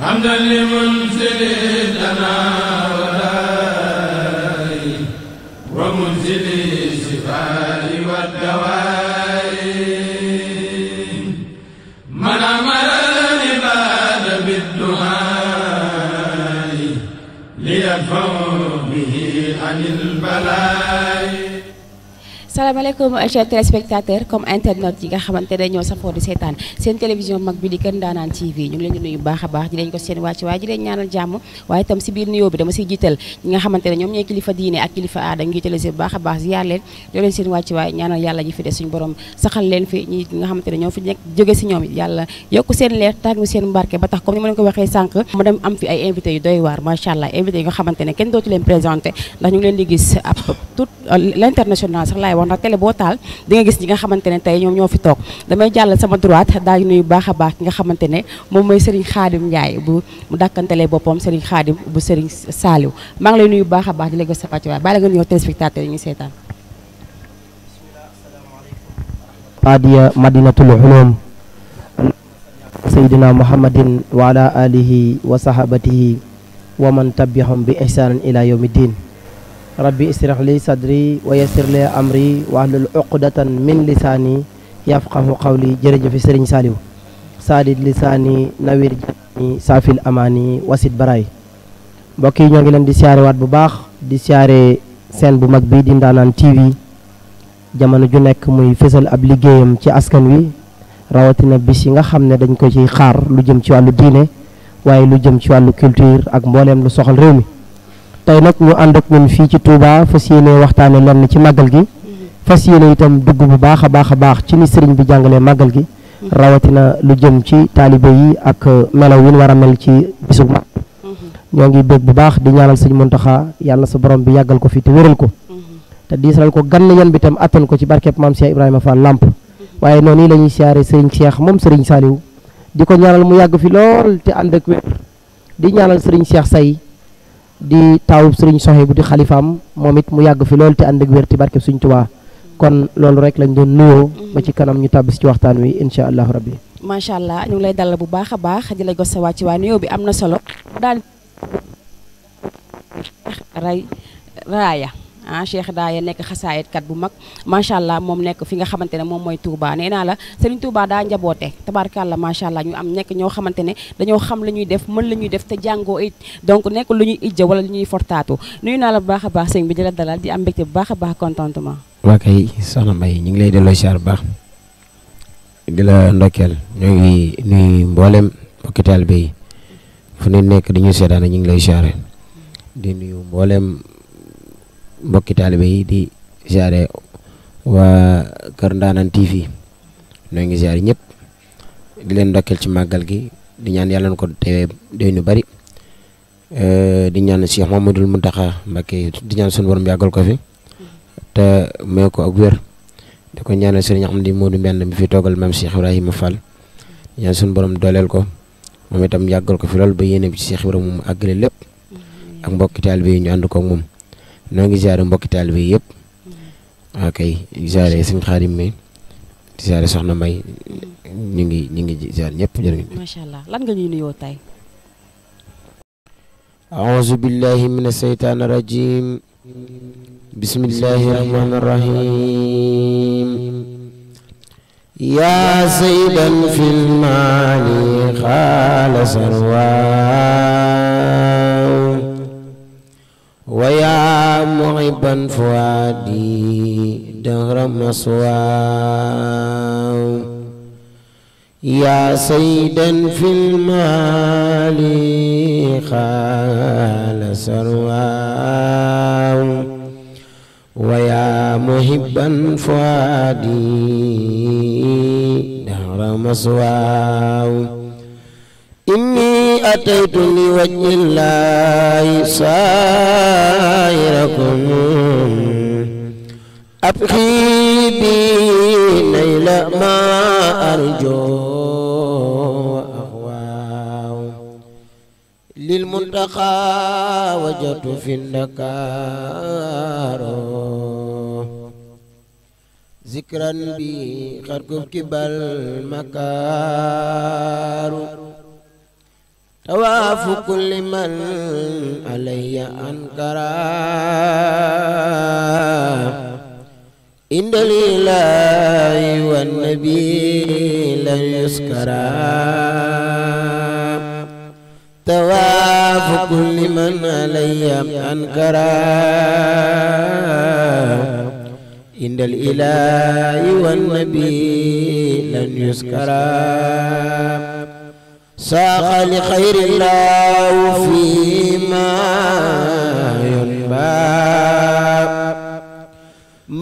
حمدا لمنزل لنا ولائي ومنزل الشفاء والدواء من امر العباد بالدعاء ليدفعوا به عن البلاء salaamaaleykum chers téléspectateurs comme internet yi nga xamante ne ñoo safoo di seetaan seen télévision mag bi di Kër Ndaanaan TV ñu leen di gis ab tout l'international sax laay wax ndax télé boo taal di gis ñi nga xamante ne tey ñoom ñoo fi toog damay jàll sama droite daal nuyu baax a baax ki nga xamante ne moom mooy Serigne Khadim Ndiaye bu mu dàkkantelee boppam Serigne Khadim bu Serigne Saliou maa ngi lay nuyu baax a baax di la gis sa pàcc waaye bàyyi la nga ñëw téléspectateur yi ñu seetaan qaadiya madinatul ulum seydina muhammadin wa ala alihi wa sahabatihi wa man tabiahum bi ihsanin ila yawmi rabbi israh li sadri wa yassir li amri wahlul uqdatan min lisaani yafqahu qawli jërëjëf sëriñ Saliou saadid lisaani nawir jani saafil amaani wasit baraay mbokk yi ñoo ngi leen di siyaare waat bu baax di siyaare seen bu mag bi di Ndanane TV jamono ju nekk muy fësal ab liggéeyam ci askan wi rawatina bis yi nga xam ne dañ ko ci xaar lu jëm ci wàllu diine waaye lu jëm ci wàllu culture ak mbooleem lu soxal réew mi tey nag ñu ànd ak ñun fii ci Touba fas yéene waxtaane lenn ci màggal gi fas yéene itam dugg bu baax a baax a baax ci ni sëriñ bi jàngalee màggal gi rawatina lu jëm ci taalibe yi ak euh, melaw yi ñu war a mel ci bisu mag ñoo ngi bëgg bu baax di ñaanal sëñ Muntaxa yàlla sa borom bi yàggal ko fi te wéral ko te diisal ko gann yan bi tam attan ko ci barkeb maam Cheikh Ibrahima Fall Lamp waaye noonu la ñuy siyaare sëriñ seex moom sëriñ Saliou di ko ñaanal mu yàgg fi lool te ànd ak wér di ñaanal sëriñ Cheikh say di taawub sëriñ soxee bu di xalifaam moom it mu yàgg fi loolu te ànd ak wér ci barkeb sëriñ Tuubaa kon loolu rek lañ doon nuyoo ba ci kanam ñu tàbbis ci waxtaan wi incha allahu rabbi macha allah ñu ngi lay dalal bu baax a baax di la jox sa wàcc waaye nuyoo bi am na solo daal raaya ah Cheikh Daaya nekk kat bu mag macha allah moom nekk fi nga xamante ne moom mooy Touba nee naa la Serigne Touba daa njaboote la macha allah ñu am nekk ñoo xamante ne dañoo xam la ñuy def mën la ñuy def te jàngoo it donc nekk lu ñuy ijja wala lu ñuy fortaatu nuyu naa la bu baax baax sëñ bi di la di am mbégte bu baax a baax contentement. waa kay ñu ngi lay delloo siyaar bu baax di la ndokkeel ñoo ngi nuyu mboolem mbokki taalibe yi fu ne nekk di ñu seetaan ñu ngi lay siyaare di nuyu mboolem mbokki taalibe yi di ziare waa Kër Ndaanaan TV noo ngi ziare ñëpp di leen ndokkeel ci màggal gi di ñaan yàlla ko teewee day ñu bari eh, di ñaan Cheikh mu Mountakha Mbacké di ñaan suñu borom yàggal ko fi te may ko ak wér di ko ñaanal sëriñ Amdi Modou Mbène mi fi toogal maam Cheikh Ibrahima Fall di ñaan suñu borom dooleel ko moom itam yàggal ko fi lool ba yéene bi ci Cheikh Ibrahima mu àggale lépp ak mbokki taalibe yi ñu ànd ko moom. noo ngi ziare mbokki taalibe yëpp. ok ziare sëñ Xaadim mi ziare soxna May ñu ngi ñu ngi ziare ñëpp jërëjëf. macha allah lan nga ñuy nuyoo tey. أعوذ بالله من الشيطان الرجيم بسم الله الرحمن الرحيم يا سيدا في المال خالص ويا معبا فؤادي دهر مسواه يا سيدا في المال خال سرواه ويا محبا فؤادي دهر مسواه إني أتيت لوجه الله سائركم أبخي بي ليل ما أرجو وأهواه للمنتقى وجدت في النكار ذكرا بي خرقب كبال مكار tawaafu kulli man alayya ankara inda lillahi wa nabi la yuskara tawaafu kulli man alayya ankara inda lillahi wa nabi la yuskara ساق لخير الله فيما ينبى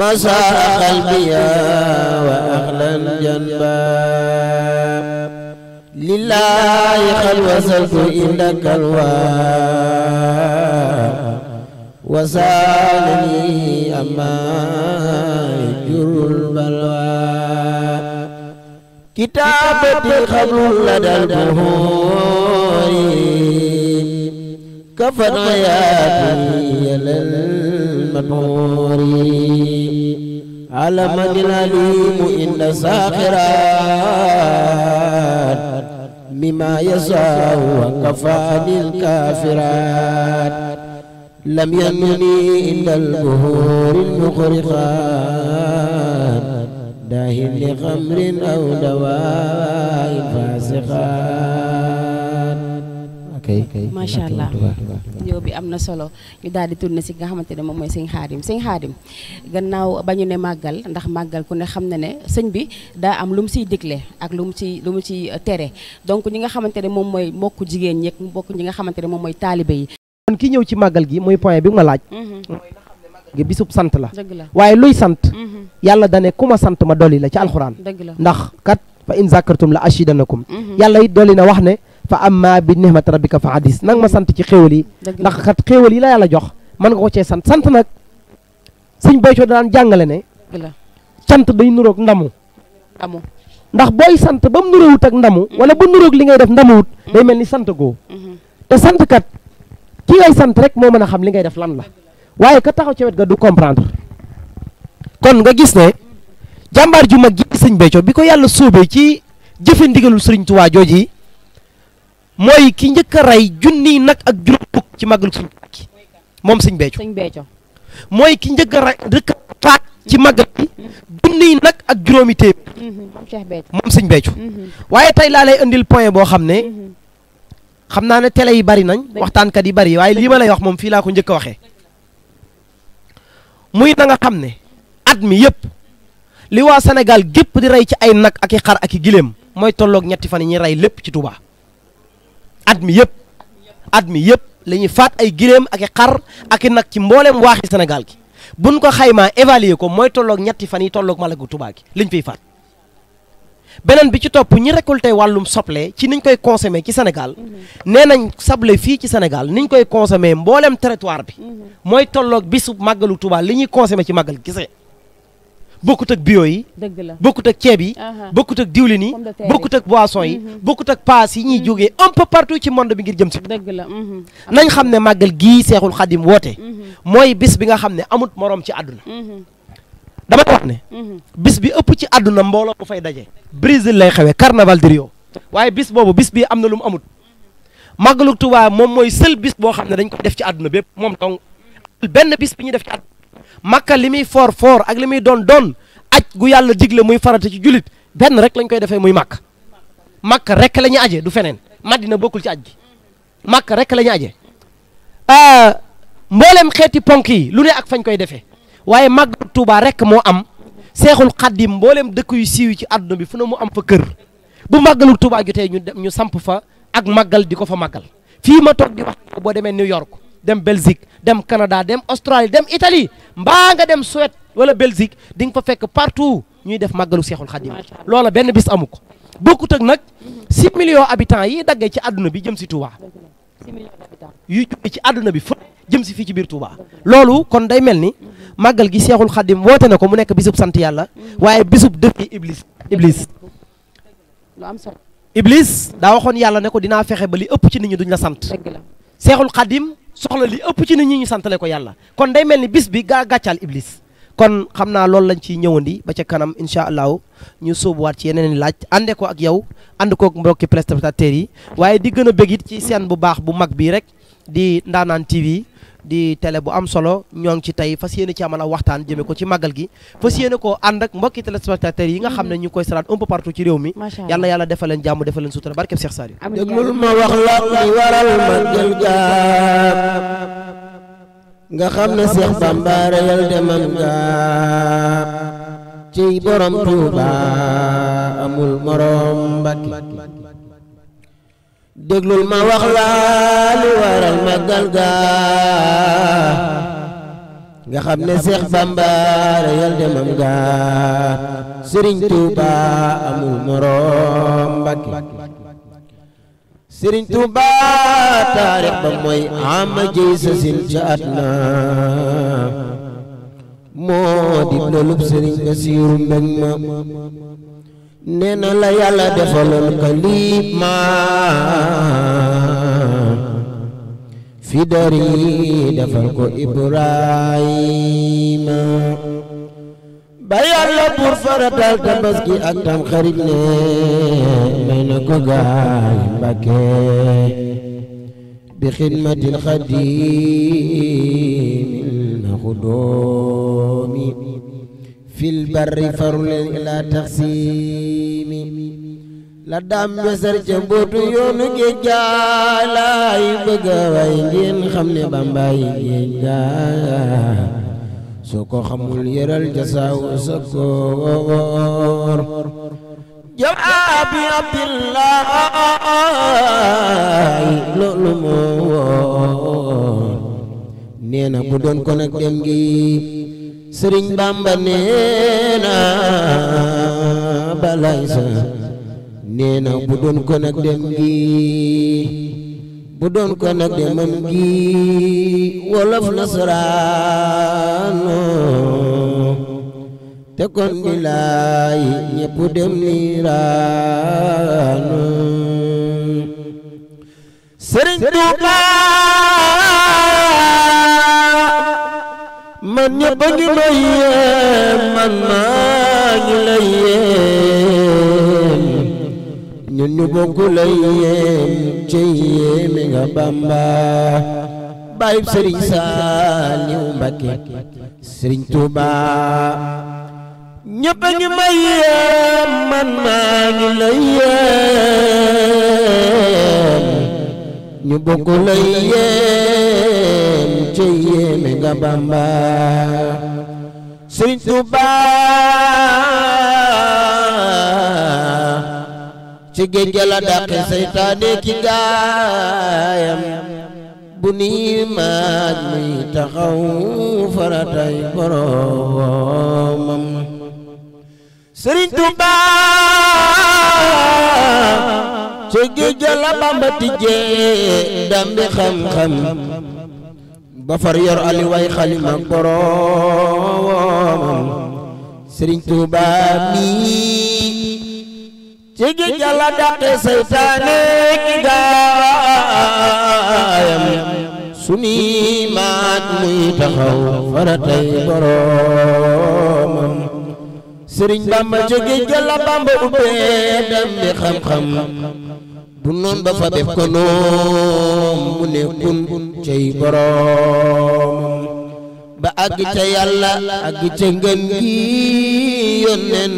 مسار قلبي وأغلى جنبا لله خلوة الكل إنك الواب وسالني أما يجر البلوى كتابتي قبل لدى البهور كفن حياتي للمدمور على من العليم إن ساخرات مما يسعى وكفاني الكافرات لم يمني إلا البهور المغرقات داهن لخمر أو دواء فاسقات macha allah yow bi am na solo ñu daal di tourné si nga xamante ne moom mooy sëñ xaadim sëñ xaadim gannaaw ba ñu ne màggal ndax màggal ku ne xam na ne sëñ bi daa am lu mu siy digle ak lu mu ci lu mu ci euh, tere donc ñi nga xamante ne moom mooy mbokk jigéen ñeeg mbokk ñi nga xamante ne moom mooy taalibe yi kon ki ñëw ci màggal gi mooy point bi ma laaj mm-hmm. gi sant la waaye luy sant mhm. yàlla dane ku ma sant ma dolli la ci alxuraan ndax kat fa in zakartum la ashidanakum mhm. yàlla it dolli na wax ne fa amma bi nihmati rabbika fa hadis nang ma mhm. sant ci xéewal yi ndax kat xéewal yi la yàlla jox mën nga ko cee sant sant nag sëñ Béthio daan jàngale ne cant day nuroog ndamu ndax booy sant ba mu nuróowut ak ndamu wala ba nuróog li ngay def ndamuwut day mel ni sant goo te sant kat ki ngay sant rek moo mën a xam waaye ka taxaw ca wet ga du comprendre kon nga gis ne jàmbaar ju mag gi sëñ Béthio bi ko yàlla sóobee ci jëfe ndigalul sëriñ Tuubaa jooji mooy ki njëkk a rey junniy nag ak juróom ci màggalu sëñ ki sëñ Béthio mooy ki njëkk a rey rëkk ci màggal bi junniy nag ak juróomi téeméer mhm, moom sëñ Béthio mhm. waaye tey laa lay indil point boo xam ne mhm. xam naa ne télé yi bari nañ waxtaankat yi bari waaye lii ma lay wax moom fii laa ko njëkk a waxee muy na nga xam ne at mi yëpp li waa senegal gépp di rey ci ay nag ak i xar ak i giléem mooy tolloog ñetti fan yi ñuy rey lépp ci Touba at mi yëpp at mi yëpp la ñuy faat ay giléem ak i xar ak i nag ci mbooleem waaxi Sénégal gi nu ko xaymaa évaluer ko mooy tolloog ñetti fan yi tolloog malagu Touba gi liñ fiy faat beneen bi ci topp ñi récolté wàllum soble ci niñ koy consommé ci senegal nee nañ soble fii ci Sénégal niñ koy consommé mboolem territoire bi mooy tolloog bisu màggalu tubaal li ñuy consommé ci màggal gisee bokkut ak bio yi bokkut ak ceeb yi bokkut ak diwlin yi bokkut ak boisson yi mhm. bokkut ak paas yi ñuy mhm. jógee un peu partout ci monde bi ngir jëm si dëgg la mhm. nañ xam ne màggal gii Seexul Xadim woote mooy bis bi nga xam ne amut moroom ci àdduna dama wax ne. bis bi ëpp ci àdduna mbooloo mu fay daje. Brésil lay xewee carnaval de Rio waaye bis boobu bis bii am na lu mu amut màggalu Tuubaa moom mooy seul bis boo xam ne dañ ko def ci àdduna bépp moom dong benn bis bi ñu def ci àdduna Makka li muy foor foor ak li muy doon doon aj gu yàlla digle muy farata ci jullit benn rek lañ koy defee muy Makka Makka rek la ñu aje du feneen maddina bokkul ci aj gi Makka rek la ñu aje ah, mbooleem xeeti ponk yi lu ne ak fañ koy defee. waaye màggal Touba rek moo am seexul xaddim mboolem dëkk yu siiw ci àdduna bi fu ne mu am fa kër bu màggalu Touba jotee ñu dem ñu samp fa ak màggal di ko fa màggal fii ma toog di wax boo demee New York dem Belgique dem Canada dem Australie dem itali mbaa nga dem Suède wala Belgique di nga fa fekk partout ñuy def màggalu seexul xaddim loola benn bis amu ko bokkut ak nag 6 million habitants yi daggee ci àdduna bi jëm si Touba yu jóge àdduna bi jëm si fii ci biir Touba loolu kon day mel ni màggal gi Seexul Xaddim woote na ko mu nekk bisub sant yàlla waaye bisub dëkk iblis iblis am solo iblis daa waxoon yàlla ne ko dinaa fexe ba li ëpp ci nit ñi duñ la sant Seexul Xaddim soxla li ëpp ci nit ñi ñu santale ko yàlla kon day mel ni bis bi gaa gàccaal iblis kon xam naa loolu lañ ciy ñëwandi ba ca kanam incha allahu ñu sóobuwaat ci yeneen laaj ànde ko ak yow ànd ko mbokki prestataires yi waaye di gën a bég ci seen bu baax bu mag bii rek di Ndanane TV di télé bu am solo ñoo ngi ci tey fa yéene ci amal waxtaan jëme ko ci màggal gi fas yéene koo ànd ak mbokki téléspectateurs yi nga xam ne mm-hmm. ñu koy salaat un peu partout ci réew mi yal yàlla defal leen jàmm defal leen sutura barkeb Seex Saaliw déglul ma wax la li waral màggal ga nga xam ne Seex Bamba reyal demam ga ciy borom Tuuba amul morom Mbàkke déglul ma wax waral màggal ga nga ne Seex Bamba reyal demam ga amul moroom Mbàkke taarix ba mooy ama jëy moo di dolub Sëriñ Basiiru ma nee na la yàlla defaloon kalima fi dari defal ko Ibrahima ba yàlla pour faratal tabaski ak tam xarit ne may na ko gaay Mbàkke bi xidmatil xadimin na xudoomi في البر فرل إلى تقسيم la daam besar ca mbootu yoonu géej gaalaay bëgga xam ne bambaay géej gaal soo ko xamul yëral ca saawu sa koor jam abi abdillaay loolu moo bu doon ko nag dem gi sëriñ bamba nee na balay bu doon ko nag dem gi bu doon ko nag demam gi wolof nasaraano te kon di laay ñëpp dem niiraano ñu la yéem ñun ñu nga Bamba bàyyi Serigne Saliou Mbacké Serigne Touba ñëpp a ngi may yéem man ñu bokk la ci yéeme nga la dàqe seytaane ki gaayam bu nii maaj muy taxaw faratay boroomam Sëriñ Tuubaa ci géej la Bamba tijjee dambi xam-xam ba far yor way xalima boroomam sëriñ Tuuba mi ci gi jàlla dàqe seytaane ki gaayam suni maat muy taxaw faratay boroomam sëriñ Bamba ci gi jàlla Bamba ubbee dem xam-xam bu noon ba fa def ko noom mu ne kun cay boroom ba àgg ca yàlla ngën gi yónneen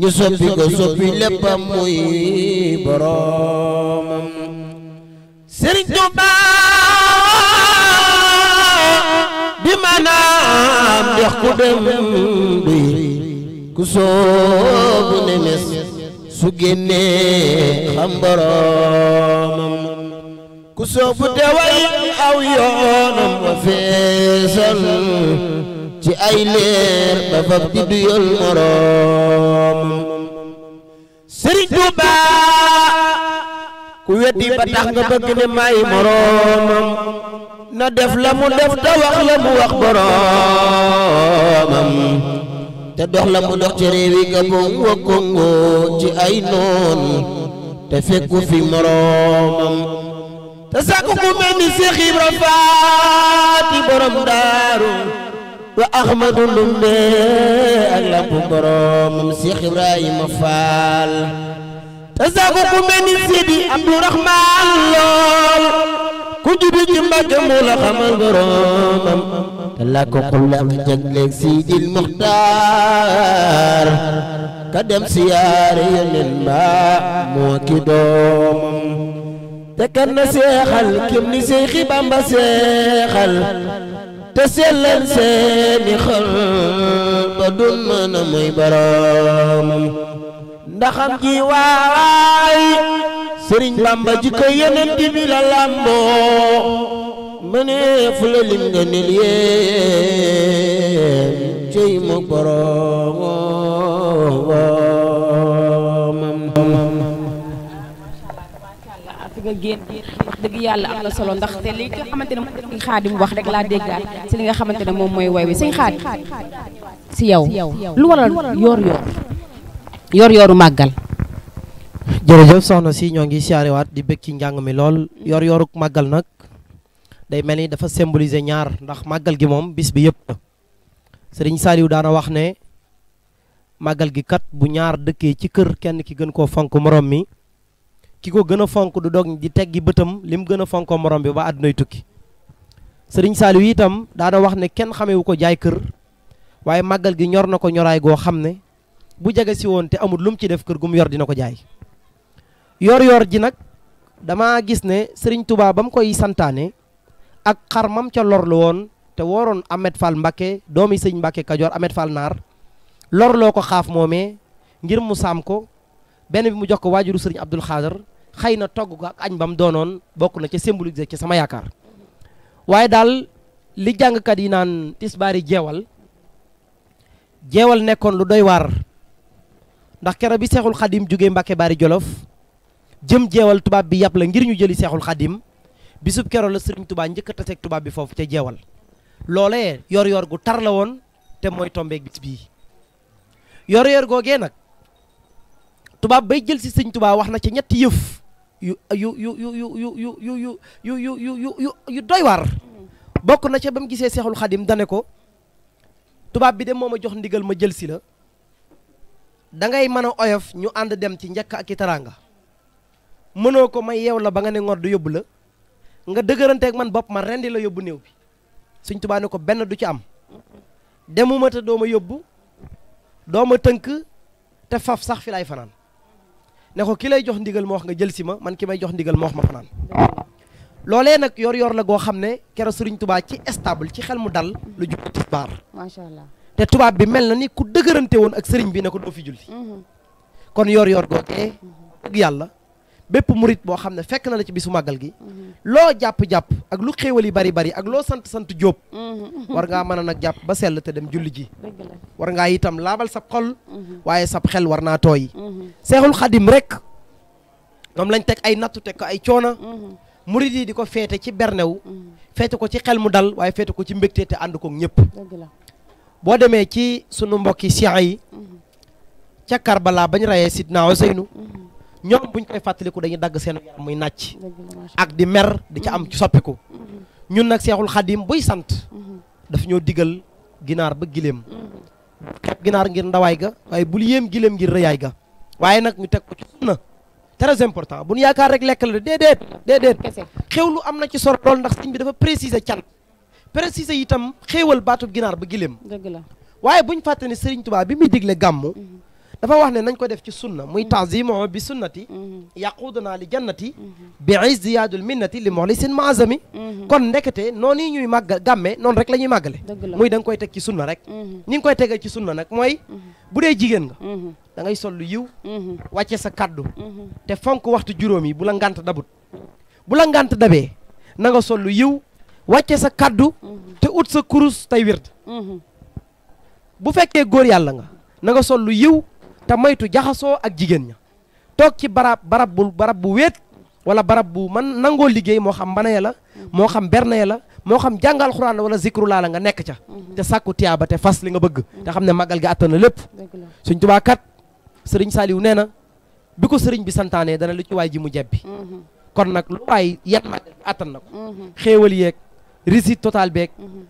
ñu soppi ko soppi léppam muy boroomam Sëriñ Tuuba bi maanaam jox ku dem duy ku soobu ne mes su génnee xam boroomam ku soofu te way aw yoonam wa feesal ci ay leer ba fab di duyal moroomam Sëriñ Tuuba ku weddi ba tax nga bëgg ne may moroomam na def la mu def te wax la mu wax boroomam te dox la mu dox ci réewi Gabon wa Congo ci ay noon te fekku fi moroomam te sàkku ku mel ni Seex Ibra Faati borom wa Ahmadu Lumbe ak lampu boromam Seex Ibrahima Faal te ku mel ni Sidi lool ku juddu ci Mbàkke xamal boromam te la ko xullam jagleeg siidil muxtaar ka dem siyaare yeneen ba moo ki te kan seexal kim ni seexi Bamba seexal te sellal seeni xol ba dun mën a muy boroomam ndaxam ji waawaay sëriñ Bamba ji ko di bi la làmboo mëneef la lim nga nil yéen cey mu boroomam fi nga génn dëgg yàlla am na solo ndaxte li nga xamante ne moom xaadim wax rek laa déggaat si li nga xamante ne moom mooy way wi sëñ xaadim si yow lu waral yoor yoor yoor yooru màggal jërëjëf soxna si ñoo ngi siyaarewaat di bëgg ci njàng mi lool yoor yooruk màggal nag day dafa symboliser ñaar ndax màggal gi moom bis bi yëpp sëriñ saaliw daana wax ne màggal gi kat bu ñaar dëkkee ci kër kenn ki gën koo fonk morom mi ki ko gën a fonk du dog di teggi bëtam li mu gën a fonkoo morom bi ba àddunay tukki sëriñ Saliou itam daana wax ne kenn xamewu ko jaay kër waaye màggal gi ñor na ko ñoraay goo xam ne bu jege si woon te amul lu mu ci def kër gu mu yor dina ko jaay yor yor ji nag dama gis ne sëriñ Touba ba koy santaane ak xar mam ca lorlu woon te wooroon Ahmed Fall Mbakke doomi sëñ Mbakke Kajoor Ahmed Fall Naar lorloo ko xaaf moomee ngir mu saam ko benn bi mu jox ko waajuru sëriñ Abdul Xaadar xëy na togg ko ak añ bam doonoon bokk na ca symboliser ci sama yaakaar waaye daal li jàngkat yi naan tisbaari jeewal jeewal nekkoon lu doy waar ndax kero bi seexul xadim jóge Mbàkke Baari Jolof jëm jeewal tubaab bi yàpp la ngir ñu jëli seexul xadim bisub keroog la sëriñ tubaa njëkk a taseeg tubaab bi foofu ca jeewal loolee yor-yor gu tar la woon te mooy tombeeg bis bii yor-yor googee nag tubaab bay jël si sëñ wax na ca ñetti yëf yu yu yu yu yu yu yu yu doy waar bokk na ca ba mu gisee seexul xadim dane ko tubaab bi de moo ma jox ndigal ma jël si la da ngay mën a oyof ñu ànd dem ci njëkk ak i taraanga mënoo ko may yeew la ba nga ne ngor du yóbbu la. nga dëgëranteeg man bopp ma rendi la yóbbu néew bi suñ tubaa ne ko benn du ci am demuma te doo ma yóbbu doo ma tënk te faf sax fi laay fanaan ne ko ki lay jox ndigal ma wax nga jël si ma man ki may jox ndigal ma wax ma fanaan loole nag yor-yor la goo xam ne kero sëriñ tubaa ci estable ci xel mu dal lu jub tisbaar macha allah te tubaab bi mel na ni ku dëgërante woon ak sëriñ bi ne ko doo fi julli mhm. kon yor-yor googee dëgg yàlla bépp murit boo xam ne fekk na la ci bisu màggal gi mm-hmm. loo jàpp-jàpp ak lu xéewal yi bari bari ak loo sant sant jóob mm-hmm. war ngaa mën a nag jàpp ba sell te dem julli ji war ngaa itam laabal sab xol mm-hmm. waaye sab xel war naa tooy seexul xadim rek moom lañ teg ay nattu teg ko ay coona murit yi di ko feete ci bernew feete ko ci xel mu dal waaye feete ko ci mbégte te ànd ko ñëpp boo demee ci sunu mbokki sian yi ca balaa bañ rayee Sidna Useynu ñoom buñ koy fàttaliku dañuy dagg seen yaram muy nàcc ak di mer di ca mm-hmm. am ci soppiku mm-hmm. ñun nag seexul xadim buy sant mm-hmm. daf ñoo digal ginaar ba giléem ginaar ngir ndawaay ga waaye bul yéem giléem ngir rëyaay ga waaye nag ñu teg ko ci sunna très important bu yaakaar rek lekk la déedéet déedéet xewlu am na ci sor lool ndax sëñ bi dafa préciser can préciser itam xéewal baatub ginaar ba giléem dëgg la waaye buñ fàtte ne sëriñ Tuubaa bi muy digle gàmmu dafa wax ne nañ ko def ci sunna muy mm-hmm. taazimo bi sunnati mm-hmm. yaquduna li jannati mm-hmm. bi izdiyadul minnati li muxlisin maazami kon ndekete noon yi ñuy màgg gàmme noonu rek lañuy ñuy màggale muy da nga koy teg ci sunna rek ni nga koy tegee ci sunna nag mooy bu dee jigéen nga dangay ngay sol lu yiw wàcce sa kaddu te fonk waxtu juróom yi bu la ngànt dabut bu la ngànt dabee nanga nga sol lu yiw wàcce sa kàddu te ut sa kurus tey wird bu fekkee góor yàlla nga na nga sol lu yiw te moytu jaxasoo ak jigéen ña toog ci barab barab bu barab bu wéet wala barab bu man nangoo liggéey moo xam mbana ya la moo xam berne la moo xam jàngal xuraan la wala zikru laa la nga nekk ca mhm. te sàkku tiyaaba te fas li nga bëgg te xam ne magal gi àttan na lépp suñ tubaa sëriñ Saliou nee na bi ko sëriñ bi santaanee dana lu ci waay ji mu jebbi mhm. kon nag lu waay yan magal bi àttan ko mhm. xéewal yeeg réussite total beek mhm.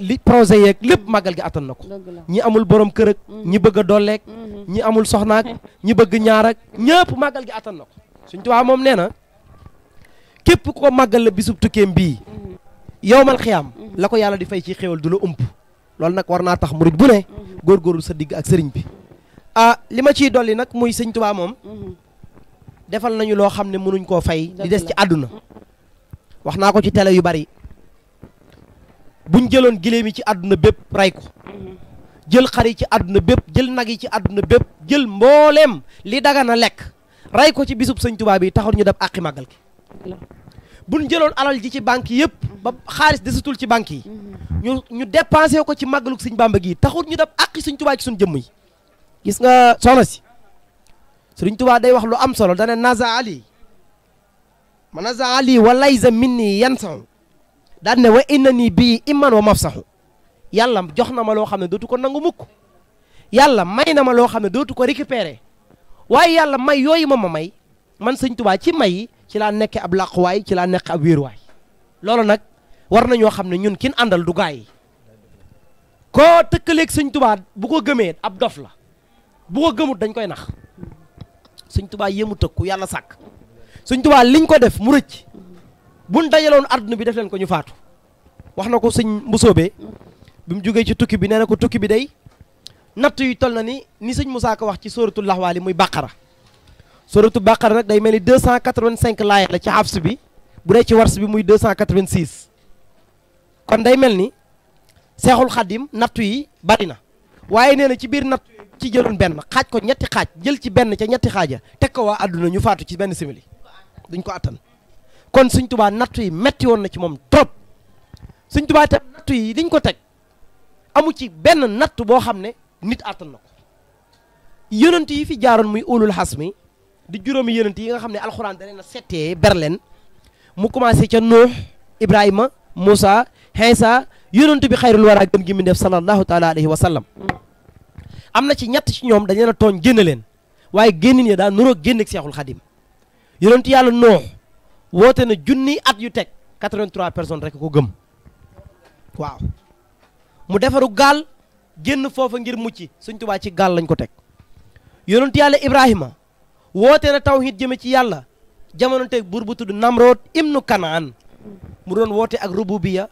li projet yeek lépp màggal gi attan na ko ñi amul borom kër ak mhm. ñi bëgg a dolleeg mhm. ñi amul soxnaak ñi bëgg ñaarak ak ñëpp màggal gi attan na ko suñ tuwaa moom nee na képp ko màggal la bisub tukkeem bii yowmal xiyaam la ko yàlla di fay ci xéwal du la ump loolu nag war naa tax murit bu ne góorgóorlu sa digg ak sëriñ bi ah li ma ciy dolli nag muy sëñ tubaa moom defal nañu loo xam ne mënuñ koo fay li des ci àdduna wax naa ko ci tele yu bari buñ jëloon giléem yi ci àdduna bépp rey ko mm-hmm. jël xar yi ci àdduna bépp jël nag yi ci àdduna bépp jël mbooleem li dagana lekk rey ko ci bisub sëñ Tuubaa bi taxul ñu def àqi màggal gi buñ jëloon alal ji ci banque yëpp mm-hmm. ba xaalis desatul ci banque yi mm-hmm. ñu ñu dépensé ko ci màggalug sëñ Bàmba gii taxul ñu def àqi suñ Tuubaa ci suñ jëmm yi gis nga soxna si sëriñ Tuubaa day wax lu am solo dane naza ali ma naza ali walaysa min nii yan saw daan wa inna nii bii imman wa mafsaxu yàlla jox na ma loo xam ne dootu ko nangu mukk yàlla may na ma loo xam ne dootu ko récupérer waaye yàlla may yooyu ma ma may man sëñ tubaa ci may yi ci laa nekke ab làquwaay ci laa nekk ab wéeruwaay loolu nag war ñoo xam ne ñun kenn àndal du gaay yi koo tëkkaleeg sëñ tubaa bu ko gëmee ab dof la bu ko gëmut dañ koy nax sëñ tubaa yéemu tëkku yàlla sàkk sëñ tubaa liñ ko def mu rëcc buñ dajaloon àdduna bi def leen ko ñu faatu wax na ko sëñ Mbusoobe bi mu jógee ci tukki bi nee na ko tukki bi day natt yu toll na ni ni sëñ Musaa ko wax ci sóoratu laxwaali muy bàqara sóoratu bàqara nag day mel ni 285 laaya la ci xabs bi bu dee ci wars bi muy 286 kon day mel ni seexul xadim nattu yi bari na waaye nee na ci biir natt ci jëlul benn xaaj ko ñetti xaaj jël ci benn ca ñetti xaaja teg ko waa àdduna ñu faatu ci benn simili duñ ko attan kon sëñ tubaa nattu yi metti woon na ci moom trop sëñ tubaa nattu yi liñ ko teg amu ci benn natt boo xam ne nit àttan na ko yi fi jaaroon muy ulul xasmi di juróomi yonent yi nga xam ne alxuraan da leen a settee berleen mu commencé ca nuux ibrahima moussa Hinsa yonent bi xayrul wara gën gi mu def sallallahu taala alayhi wa sallam am na ci ñett ci ñoom dañ leen a tooñ génn leen waaye génnin ya daa nuroog génn ak seexul xadim yonent yàlla nuux woote na junni at yu teg 83 personnes rek ko gëm waaw mu defaru gaal génn foofa ngir mucc Sëñ Tuubaa ci gaal lañ ko teg yonent yàlla Ibrahima woote na tawhid jëme ci yàlla jamono teg buur bu tudd Namrood ibnu Kanaan mu doon woote ak rububiya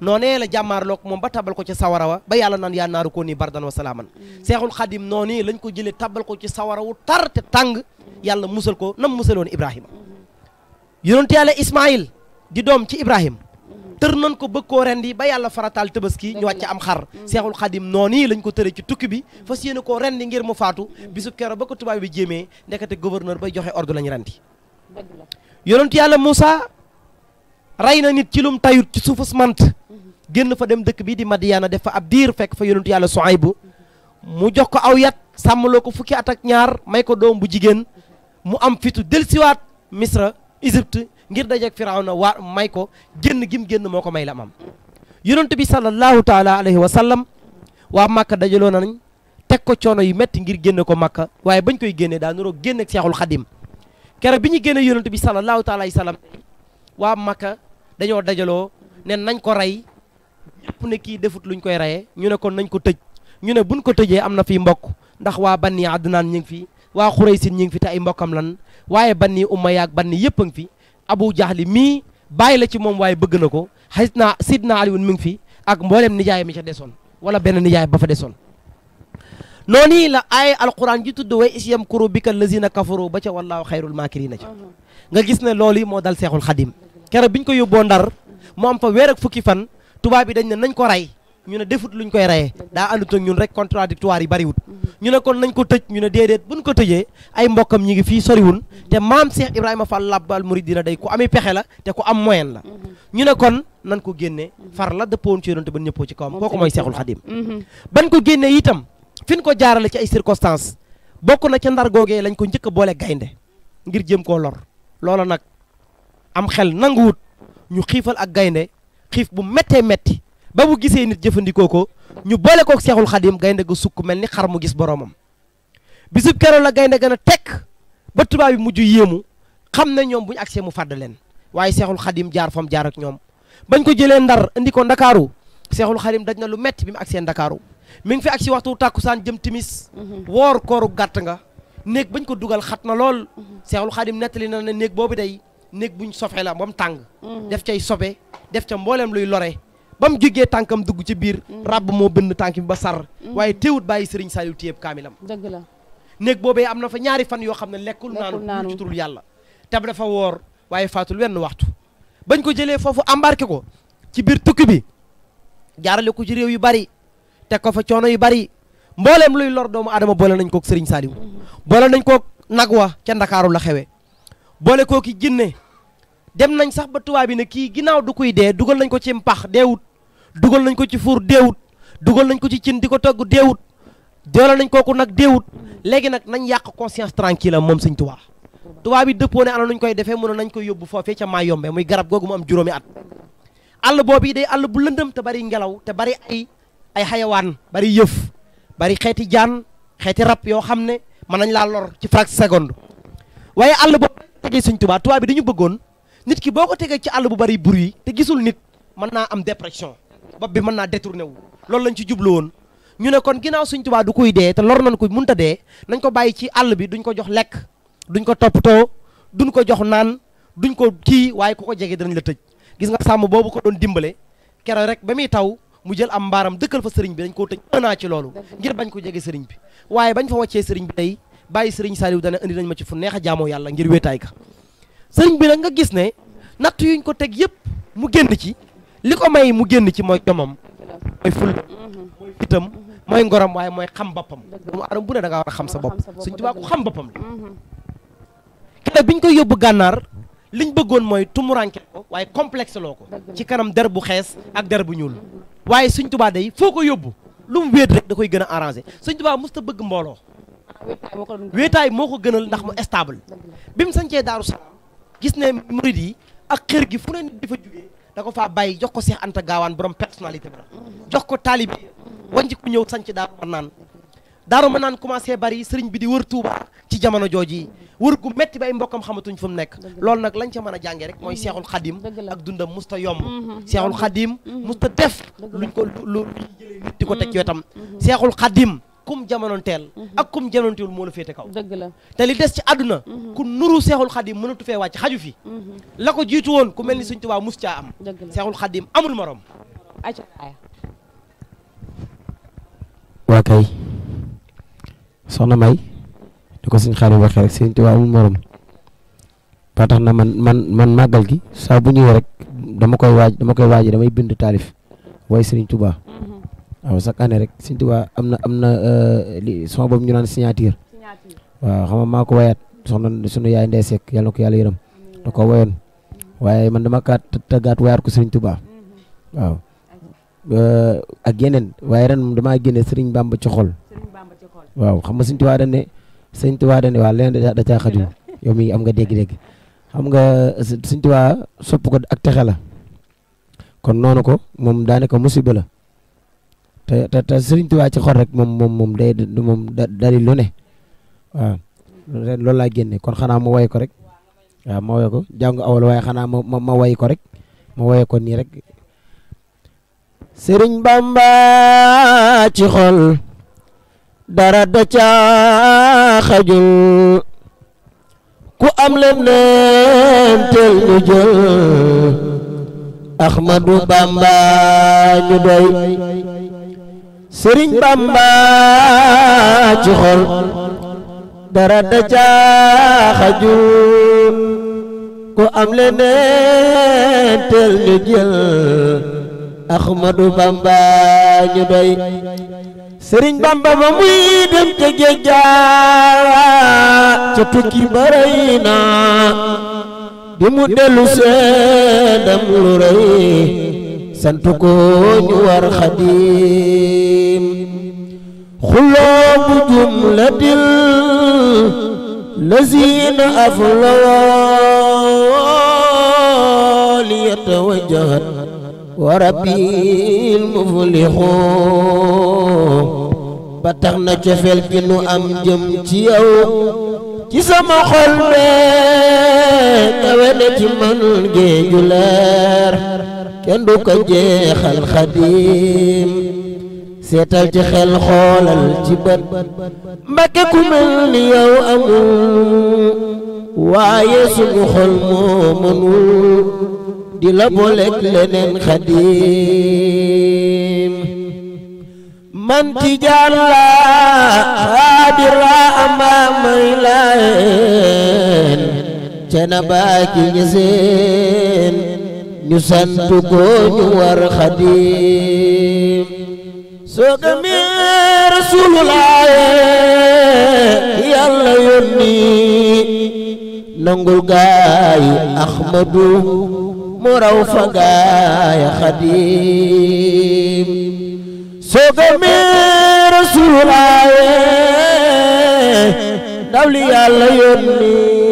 noonee la jàmmaarloog moom ba tabal ko ci sawara wa ba yàlla naan yaa naaru koo nii bardan wa salaaman mm. seexul xadim noonu lañ ko jëlee tabal ko ci sawara wu tar te tàng yàlla musal ko nam musaloon Ibrahima mm. yonent yàlla Ismaayil di doom ci Ibrahim tër nan ko bëgg koo rendi ba yàlla farataal tabaski ñu wàcc am xar mm. seexul xadim noonu yi lañ ko tëre ci tukki bi fas yéene koo rendi ngir mu faatu mm. bisu kero ba ko tubaab bi jéemee ndekete gouverneur bay joxe ordre lañ rendi yonent yàlla Moussa rey na nit ci lum tayut ci suufus mant mm-hmm. génn fa dem dëkk bi di Madiyaana def fa ab diir fekk fa yonent yàlla bu mm-hmm. mu jox ko aw yat sàmmaloo ko fukki at ak ñaar may doom bu jigéen mm-hmm. mu am fitu delsiwaat Misra Égypte ngir dajeeg Firawna waa may ko génn gim génn moo ko may la am yonent bi sallallahu taala alayhi wa sallam waa Màkka dajaloo na nañ teg ko coono yu metti ngir génne ko makka waaye bañ koy génnee daa nuroo génne ak Seexul Xadim keroog bi ñu génne yonent bi sallallahu taala alayhi waa Màkka dañoo dajaloo ne nañ ko rey ñëpp ne kii defut luñ koy reyee ñu ne kon nañ ko tëj ñu ne buñ ko tëjee am na fi mbokk ndax waa Bani Adnaan ñu ngi fi waa Xuraysin ñu ngi fi te ay mbokkam lan waaye banni umayya ak banni yëpp a ngi fi abu jaxli mii bàyyi la ci moom waaye bëgg na ko xasit naa sidna aliyun mi ngi fi ak mboolem nijaay mi ca desoon wala bene nijaay ba fa desoon noonu la ay alquran ji tudd way is yamkuru bika lazina kafaru ba ca wallaahu xayrul maakirina ca nga gis ne loolu yi moo dal seexul xadim keroog biñ ko yóbboo ndar mu am fa weer fukki fan tubaab bi dañ na nañ ko rey ñu ne defut luñ koy rayee daa àndut ak ñun rek contradictoire yi bariwut ñu ne kon nañ ko tëj ñu ne bu ñu ko tëjee ay mbokkam ñi ngi fii soriwun te maam Cheikh Ibrahima Fall Labbal Mouridina day ku amee pexe la te ku am moyen la ñu ne kon nan ko génne far la dëppoon ci yonante ba ñëppoo ci kawam kooku mooy Seexul Xadim ban ko génne itam fin ko jaarale ci ay circonstances bokk na ca ndar googee lañ ko njëkk a boole gaynde ngir jëm koo lor nag am xel nanguwut ñu xiifal ak gaynde xiif bu méttee métti ba bu gisee nit jëfandikoo ko ñu boole kook seexul xadim gaynde ga sukk mel ni xar mu gis boroomam bisub keroog la gaynde gën a tekk ba tubaab bi mujj yéemu xam na ñoom bu ñu agsee mu fàdd leen waaye seexul xadim jaar fam jaar ak ñoom bañ ko jëlee ndar indi ko ndakaaru seexul xadim daj na lu metti bi mu agsee ndakaaru mi ngi fi agsi waxtu saan jëm timis mhm. woor kooru gàtt nga néeg bañ ko dugal xat na lool mhm. seexul xadim nettali na ne néeg boobu day néeg buñ sofee la ba tàng mhm. def cay sobe def ca mbooleem luy lore ba mu jógee tànkam dugg ci biir mm. ràbb moo bënn tànk bi ba sar mm. waaye teewut bàyyi sëriñ Saliou téyeb kaamilam dëgg la néeg boobee am na fa ñaari fan yoo xam ne lekkul naanu ci turul yàlla tab dafa woor waaye faatul wenn waxtu bañ ko jëlee foofu embarqué ko ci biir tukki bi jaarale ko ci réew yu bari teg ko fa coono yu bari mbooleem luy lor doomu aadama boole nañ kook sëriñ Saliou mm-hmm. boole nañ kook nag wa ca ndakaaru la xewe boole kooki jinne dem nañ sax ba tubaab bi ne kii ginnaaw du koy dee dugal nañ ko ci dugal nañ ko ci fuur deewut dugal nañ ko ci cin di ko togg deewut doole nañ kooku nag deewut léegi nag nañ yàq conscience tranquille moom sëñ Tuubaa Tuubaa bi dëppoo ne ana koy defee mën nañ koy yóbbu foofee ca maa yombee muy garab googu mu am juróomi at àll day àll bu lëndëm te bari ngelaw te bari ay ay xayawaan bari yëf bari xeeti jaan xeeti rab yoo xam ne mën nañ laa lor ci fraction seconde waaye àll boobu tegee sëñ Tuubaa Tuubaa bi dañu bëggoon nit ki boo ko tegee ci àll bu bari bruit te gisul nit mën naa am dépression bopp bi mën naa détourné wu loolu lañ ci jublu woon ñu ne kon ginnaaw suñ tubaa du kuy dee te lor nañ ko munta dee nañ ko bàyyi ci àll bi duñ ko jox lekk duñ ko toppatoo duñ ko jox naan duñ ko kii waaye ku ko jege dañ la tëj gis nga sàmm boobu ko doon dimbale keroog rek ba muy taw mu jël am mbaaram dëkkal fa sëriñ bi dañ koo tëj un ci loolu ngir bañ ko jege sëriñ bi waaye bañ fa wàccee sëriñ bi tey bàyyi sëriñ Saliou dana indi nañ ma ci fu neex a jaamoo yàlla ngir wéetaay ka sëriñ bi nag nga gis ne natt yuñ ko teg yëpp mu génn ci li ko may mu génn ci mooy jomam mooy ful mhm. mooy fitam mooy ngoram waaye mooy xam boppam doomu aadama bu ne da war a xam sa bopp suñ tubaa ku xam boppam la mhm. keroog biñ koy yóbbu gànnaar liñ bëggoon mooy tumuranke ko waaye complexe loo ko ci kanam der bu xees ak der bu ñuul mhm. waaye suñ tubaa day foo ko yóbbu lu mu rek da koy gën a arrangé suñ tubaa musta bëgg mbooloo ah, wéetaay moo ko gënal ndax mu stable bi mu sancee daaru salaam gis ne murid yi gi da ko faa bàyyi jox ko Cheikh Anta Gaawaan borom personnalité ba jox ko taalibe wanji ku ñëw sanc Daaru Manaan Daaru naan commencé bari sëriñ bi di wër Touba ci jamono jooji wër gu metti ba ay mbokkam xamatuñ fu mu nekk loolu nag lañ ca mën a jàngee rek mooy mm-hmm. Seexul Xadim ak dundam musta yomb mm-hmm. Mm-hmm. Seexul Xadim musta def luñ ko lu jëlee nit di ko teg yoo tam Seexul Xadim kum jamonoon teel mhm. ak kum jamonoonteel moo la féete kaw dëgg la te li des ci àdduna mhm. ku nuru seexul xadim mënatu fee wàcc xaju fi mhm. la ko jiitu woon ku mel ni suñ tubaa mus caa am seexul xadim amul morom waa kay ko suñ xaalim waxee rek suñ ba tax na man man man màggal gi saa bu ñëwee rek dama koy waaj dama koy waaj damay bind taalif waaye sëriñ tubaa waaw chaque année rek Sëñ Tuubaa am na am na euh, li son ñu naan signature waaw xam ma maa ko wayaat soxna sunu yaay Ndeye Seck yàlla na ko yàlla yërëm da ko wayoon waaye man dama kaa tëggaat wayaat ko Sëriñ Tuubaa mm-hmm. euh, waaye ren damaa génne Sëriñ Bamba ci xol waaw xam nga Sëriñ Tuubaa dañ ne Sëriñ Tuubaa dañ ne da caa xajul yow mi am nga dégg-dégg xam nga Sëriñ Tuubaa sopp ko ak texe la kon noonu ko moom daanaka musiba la te te te Serigne ci xol rek moom moom moom day moom dari lu ne génne kon xanaa ma woy ko rek waaw ma woy ko jàng awal waaye xanaa ma ma ma woy ko rek ma woy ko nii rek Serigne Bamba ci xol dara da ca ku am leen neentel ñu jël Ahmadou Bamba ñu doy sëriñ bamba ci xol dara da caaxajul ku am leneen teel ñu jël ahmadu bamba doy sëriñ bamba ba muy dem ca géej ga ca tukki barey bi mu dellu seedam lu rëy sant ko ñu war xadim xuloo jumlatil lazina aflaw liyatawajjahat wa rabbil muflihun ba tax na cofeel gi am jëm ci yow ci sama xol bee na ci man kenn du jeexal xadim seetal ci xel xoolal ci bët mbakke ku mel ni yow amul waaye suñu xol moo mënul di la boolek leneen xadim man tijaan la xaadira ama may laayeen cana baaki ñeseen ñu sant war xadim sooga mi rasulullah yàlla yónni nangul gaay ahmadu mu raw fa gaay xadim sooga mi rasulullah dawli yàlla yónni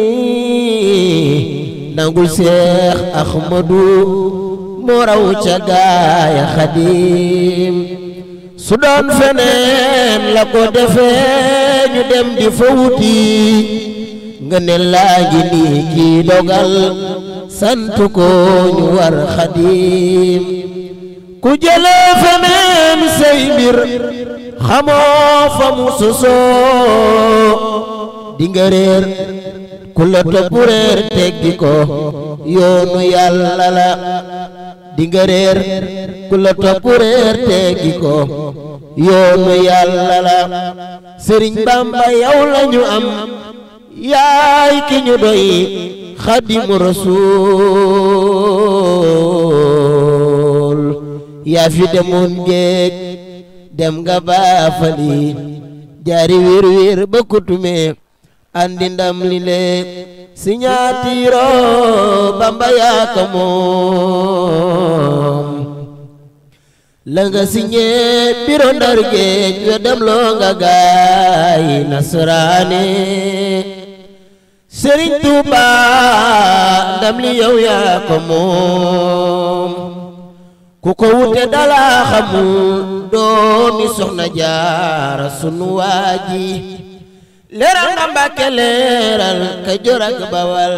nangul seex Ahmadu moo ca gaaya xadim su doon feneen la ko defee ñu dem di fa wuti nga ne laa kii dogal sant ko ñu war xadim ku jëlee feneen say mbir xamoo fa mu sosoo di nga ku la topp réer teggi ko yoonu yàlla la dinga réer ku la topp réer teggi ko yoonu yàlla la sëriñ bamba yow lañu am yaay ki ñu doy xadimu rasuul yaa fi demoon géej dem nga baafali jaari wir wir ba kutume andi ndam li le signature Bamba yaa ko moom la nga signé biro Ndar we dem loo nga gaay nasraane Sëriñ Tuuba ndam li yow moom ku ko wute dala xamul doomi soxna jaara sunu leeral nga Mbàkke leeral ka jor ak bawal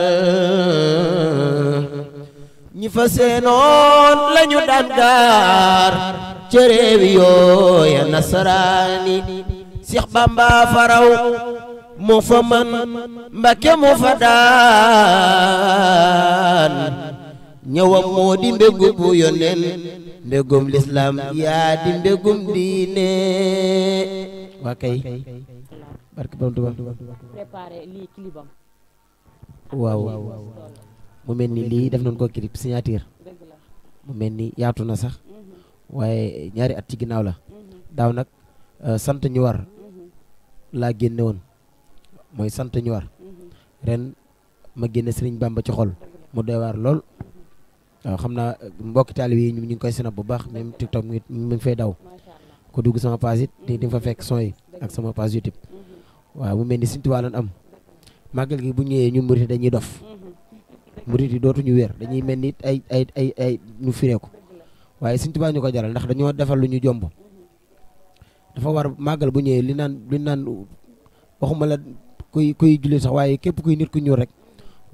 ñi fa seenoon lañu daan gaar ca réew yooya nasaraani Seex Bamba faraw mu fa man Mbàkke mu fa daan ñëwam moo di mbégum bu yoneen mbégum lislaam yaa di mbégum diine barke borom Tuuba préparé lii clipam waaw mu mel ni lii def nañ koo clip signature mu mel ni yaatu na sax mhm. waaye ñaari at ci ginnaaw la mhm. daaw nag euh, sant ñu war mhm. laa génne woon mooy sant ñu war ren ma génne Sëriñ Bamba ci xol mu doy waar lool waaw xam naa euh, mbokki taalibe yi ñu ngi koy sinab bu baax même TikTok mi ngi fay daw ko dugg sama page it di fa fekk son yi ak sama page YouTube waaw mu mel ni Sëñ Tuubaa am màggal gi bu ñëwee ñu murit dañuy dof mm-hmm. murit yi dootuñu wér dañuy mel nit ay ay ay ay ñu fireeku waaye Sëñ Tuubaa ñu ko jaral ndax dañoo defal lu ñu jomb dafa war màggal bu ñëwee li naan li naan waxuma la kuy kuy julli sax waaye képp kuy nit ku ñuul rek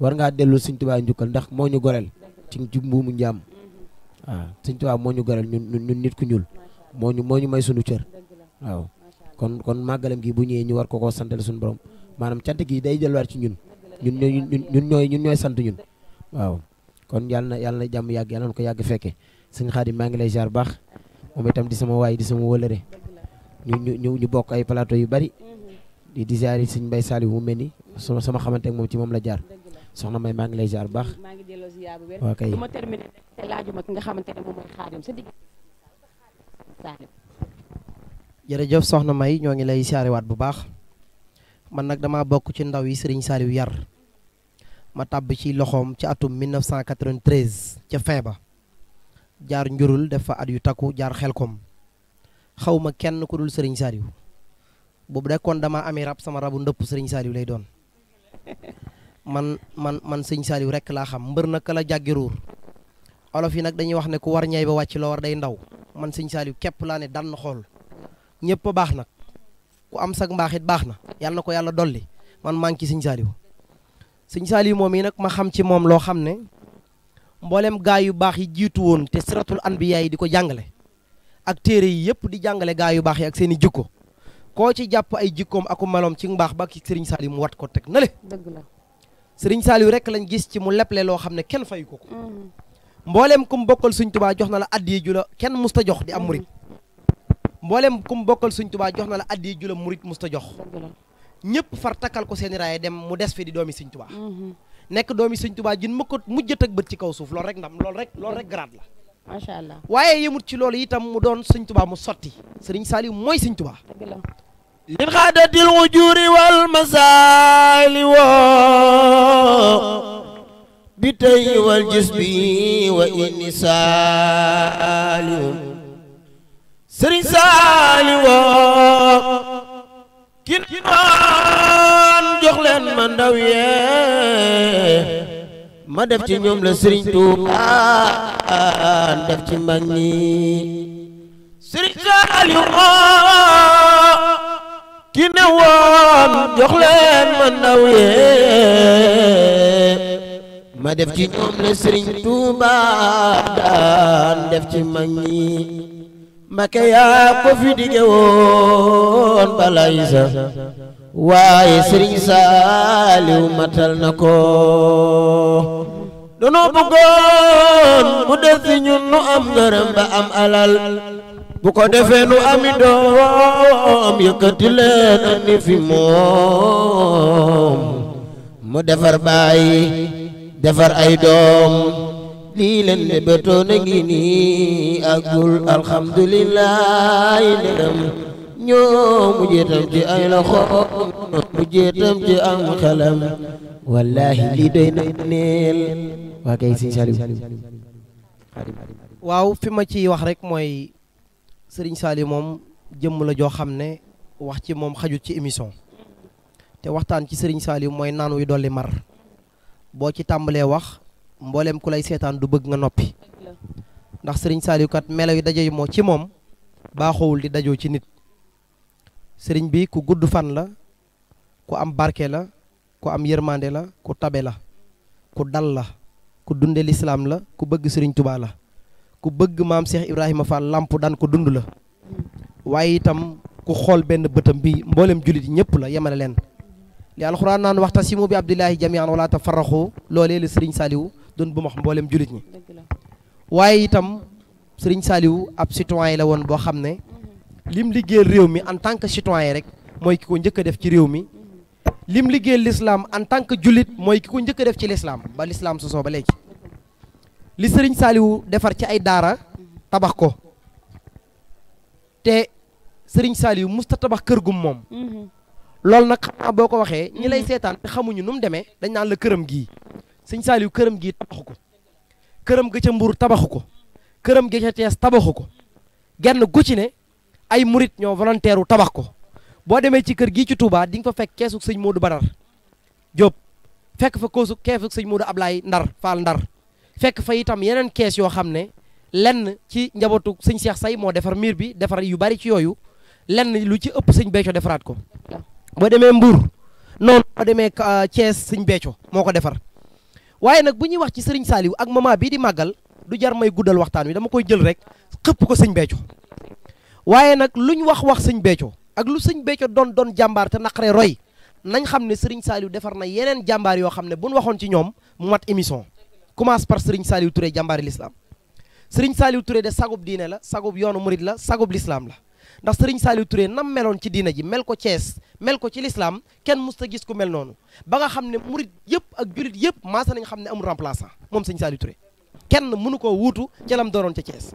war ngaa dellu Sëñ Tuubaa njukkal ndax moo ñu goreel ci ci mbuumu njaam mm-hmm. waaw Sëñ Tuubaa moo ñu goreel ñun ñun nit ku ñuul moo ñu may sunu cër kon kon màggalam gi bu ñëwee ñu war ko koo santal suñu borom maanaam cant gi day delluwaat ci ñun ñun ñooy ñun ñooy ñun ñooy sant ñun waaw kon yàlla na yàlla na jàmm yàgg yàlla na ko yàgg fekke sëñ Xaadim maa ngi lay ziar baax moom itam di sama waay di sama wëlëre ñu ñu ñu bokk ay palaato yu bari di di ziar yi sëñ Mbay Saaliw mu mel ni sama sama xamante ak moom ci moom la jaar soxna May maa ngi lay ziar baax. waaw kay. ma nga xamante ne moom mooy sa digg Saaliw jërëjëf soxna May ñoo ngi lay siyaarewaat bu baax man nag dama bokk ci ndaw yi sëriñ Saliou yar ma tàbb ci loxoom ci atum 1993 ca fin ba jaar njurul def fa at yu takku jaar xelkom xaw ma kenn ku dul sëriñ Saliou boobu de kon dama amee rab sama rabu ndëpp Serigne Saliou lay doon man man man Serigne Saliou rek laa xam mbër na ka la jàggi ruur olof yi nag dañuy wax ne ku war ñay ba wàcc loo war day ndaw man sëñ Saliou képp laa ne dann xool ñépp baax nag ku am sag mbaax baax na yàlla na ko yàlla dolli man maa ngi ci sëñ Saliou moom yi nag ma xam ci moom loo xam ne mboolem gaa yu baax yi jiitu woon te siratul anbiya yi di ko jàngale ak téere yi yëpp di jàngale gaa yu baax yi ak seen i jikko koo ci jàpp ay jikkoom aku meloom ci mbaax ba ki sëriñ mu wat ko teg na le dëgg la sëriñ Saliou rek lañ gis ci mu le loo xam ne kenn fayu ko ko mm-hmm. mbooleem ku bokkal suñ tubaa jox na la addiye ju la kenn musta jox di am mboolem ku mu bokkal suñ tubaa jox na la addi julam murit musta jox ñëpp far takkal ko seeni raaya dem mu des fi di doomi suñ tubaa mhm. nekk doomi suñ tubaa jin mu ko mujjat ak bët ci kaw suuf loolu rek ndam lool rek loolu rek grade la macha waaye yëmut ci loolu itam mu doon suñ tubaa mu sotti sëriñ Saliou mooy suñ tubaa lin xaadatil wujuri wal masaali woo bi tey wal jismi wa inni saaliu sëriñ saali woo kin maan jox leen ma ndaw yee def ci ñoom la sëriñ Tuubaa def ci mag ñi sëriñ ma ndaw ci mag ñi Mbakke yaa ko fi dige woon balay sa waaye Sëriñ Saaliw matal na ko danoo bëggoon mu def ci ñun nu am ngërëm ba am alal bu ko defee nu ami doom yëkkati leen andi fi moom mu defar baay defar ay doom lii leen mébétoon a ngi nii agul alhamdulilah ndegam ñoo mujjee ci ay loxo mujjee tam ci am xelam wallaahi lii doy na neel waaw fi ma ci wax rek mooy sëriñ Saliou moom jëmm la joo xam ne wax ci moom xajut ci émission te waxtaan ci sëriñ Saliou mooy naan wuy dolli mar boo ci tàmbalee wax mboolem ku lay seetaan du bëgg nga noppi ndax sëriñ Saliou kat yi daje yi moo ci moom baaxowul di dajoo ci nit sëriñ bi ku gudd fan la ku am barke la ku am yërmande la ku tabe la ku dal la ku dunde lislaam la ku bëgg sëriñ Tuubaa la ku bëgg maam Cheikh Ibrahima Fall làmp daan ko dund la waaye itam ku xool benn bëtam bi mboolem jullit ñëpp la yemale leen li alxuraan naan waxtasimu bi abdillahi jamian wala tafarraxu loolee la sëriñ Saliou doon bu max mboolem jullit ñi waaye itam sëriñ Saliou ab citoyen la woon boo xam ne lim liggéeyal réew mi en tant que citoyen rek mooy ki ko njëkk def ci réew mi lim liggéeyal l'islam en tant que jullit mooy ki ko njëkk def ci l'islam ba lislaam sosoo ba léegi li sëriñ Saliou defar ci ay daara tabax ko te sëriñ Saliou musta tabax kër gum moom mhm. loolu nag xam boo ko waxee ñi lay mhm. seetaan te xamuñu nu mu demee dañ naan la këram gii sëñ Saaliw këram gi tabaxu ko këram ga ca Mbuur tabaxu ko këram ga ca Tees tabaxu ko genn gu ci ne ay murit ñoo volontaire tabax ko boo demee ci kër gii ci Touba di nga fa fekk keesug sëñ Moodu Badar Jóob fekk fa koosu keesug sëñ Moodu Ablaay Ndar Faal Ndar fekk fa itam yeneen kees yoo xam ne lenn ci njabootu sëñ Seex Say moo defar miir bi defar yu bari ci yooyu lenn lu ci ëpp sëñ Béthio defaraat ko boo demee Mbuur noonu boo demee Thiès euh, sëñ Béthio moo ko defar waaye nag bu ñuy wax ci sëriñ Saliou ak moment bii di màggal du jar may guddal waxtaan wi dama koy jël rek xëpp ko sëñ Béthio waaye nag luñ wax wax sëñ Béthio ak lu sëñ Béthio doon doon jàmbaar te naqaree roy nañ xam ne sëriñ Saliou defar na yeneen jàmbaar yoo xam ne buñ waxoon ci ñoom mu mat émission commence par sëriñ Saliou Touré jàmbaari l'islam sëriñ Saliou Touré de sagub diine la sagub yoonu murit la sagub lislaam la ndax sëriñ Saliou Touré nam meloon ci diina ji mel ko cees mel ko ci lislaam kenn mus gis ku mel noonu ba nga xam ne murit yëpp ak yëpp maasa nañ xam ne amul remplaçant moom sëriñ Saliou Touré kenn mënu koo wuutu ca lam doonoon ca Thiès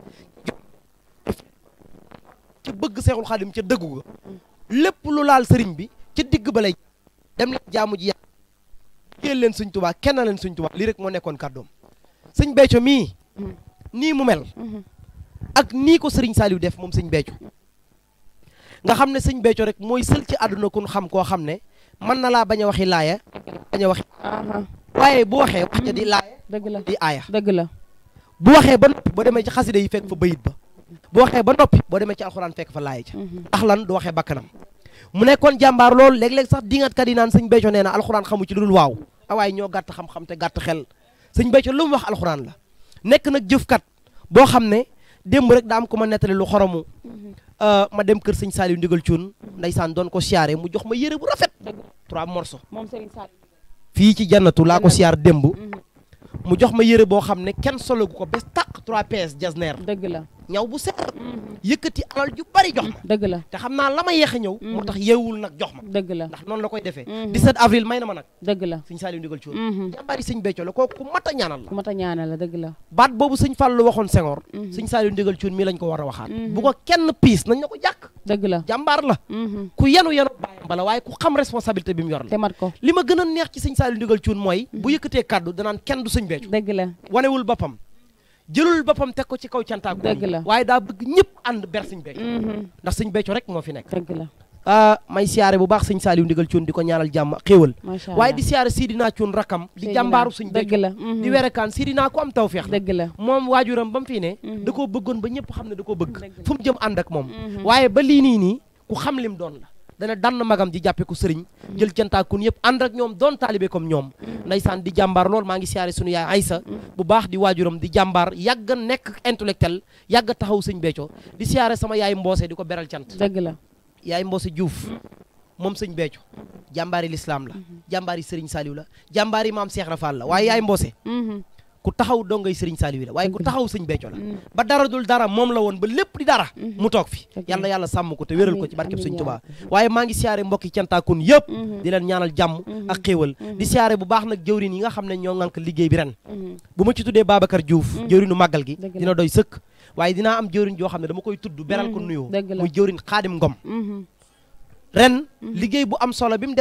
ci bëgg seexul xaadim ca dëggu ga lépp lu laal sëriñ bi ca digg ba lay dem leen jaamu ji yàlla leen suñ tubaa kenn leen suñ tubaa lii rek moo nekkoon kàddoom sëñ Béthio mii mm-hmm. nii mu mel mm-hmm. ak nii ko sëriñ Saliou def moom sëñ Béthio nga xam ne sëñ Béthio rek mooy sël ci àdduna kun xam koo xam ne mën na laa bañ a waxi laaya bañ a waxi waaye bu waxee wax ja di mm-hmm. laaya dëgg di aaya dëgg la bu waxee ba noppi boo demee ci xasida yi fekk fa bayit ba bu waxee ba noppi boo demee ci alxuraan fekk fa laaya ca mm-hmm. ndax lan du waxee bakkanam mu nekkoon jàmbaar loolu léeg-léeg sax dingatkat yi naan sëñ Béthio nee na alxuraan xamu ci lu waaw ah, waaye ñoo gàtt xam-xam te gàtt xel sëñ Béthio lu wax alxuraan la nekk nag jëfkat boo xam ne démb rek daa am ku ma nettali lu xoromu mm-hmm. Euh, ma dem kër sëñ Saliou ndigal Thioune saan doon ko siyaare mu jox ma yére bu rafet trois morceaux fii ci janatu laa ko siyaar démb mhm. mu jox ma yére boo xam ne kenn solo gu ko bés tàq 3 PS jasneer dëgg la ñaw bu set mhm. yëkkati alal ju bari jox ma dëgg la te xam naa la ma yeex a ñëw moo tax mhm. yeewul nag ma dëgg la ndax noonu la koy defee 17 mhm. avril may na ma nag dëgg la sëñ Saliou ndigal cuur jàmbaari la kooku ku mat a ñaanal la ku a la dëgg la baat ko war a waxaat bu bi mu yor a mooy bu yëkkatee kaddu danaan kenn du sëñ Béthio dëgg la wanewul boppam jëlul boppam teg ko ci kaw cantaaku dëgg la waaye daa bëgg ñëpp ànd ber sëñ Béthio mm-hmm. ndax sëñ Béthio rek moo fi nekk dëgg la ah, may siyaare bu baax sëñ Saliou ndigal cuun di ko ñaanal jàmm xéewal waaye di siyaare Sidina cuun rakam di jàmbaaru sëñ Béthio dëgg la mm-hmm. di werekaan Sidina ko am tawfeex dëgg la moom waajuram ba mu fii ne mm-hmm. da koo bëggoon ba ñëpp xam ne da koo bëgg fu mu jëm ànd ak moom waaye ba lii nii nii ku xam lim doon la dana dann magam di jàppe ko sëriñ jël cantaakun yëpp ànd ak ñoom doon taalibe comme ñoom ndaysaan di jàmbaar lool maa ngi siyaare sunu yaay Aysa bu baax di waajuram di jàmbaar yàgg nekk intellectuel yàgg taxaw sëñ Béthio di siyaare sama yaay Mboose di ko beral cant dëgg la yaay Mboose Diouf moom sëñ Béthio jàmbaari lislaam la mm-hmm. jàmbaari sëriñ Saliou la jàmbaari maam Cheikh Rafal la waaye yaay Mboose mm-hmm. ku taxaw dongay sëriñ Saliou la waaye ku taxaw sëñ Béthio la mm. ba dara dul dara moom la woon ba lépp di dara mm-hmm. mu toog fi yàlla yàlla sàmm ko te wéral ko ci barkeb sëñ Tuubaa waaye maa ngi siyaare mbokki cantaakun yëpp mm-hmm. di ñaanal jàmm mm-hmm. ak xéewal di siyaare bu baax nag jëwrin yi nga xam ne ñoo ŋànk liggéey bi ren bu ma ci tuddee Babacar Diouf jëwrinu màggal gi dina doy sëkk waaye dinaa am jëwrin joo xam ne dama koy tudd beral ko nuyoo muy jëwrin Xaadim Ngom ren liggéey bu am solo bi mu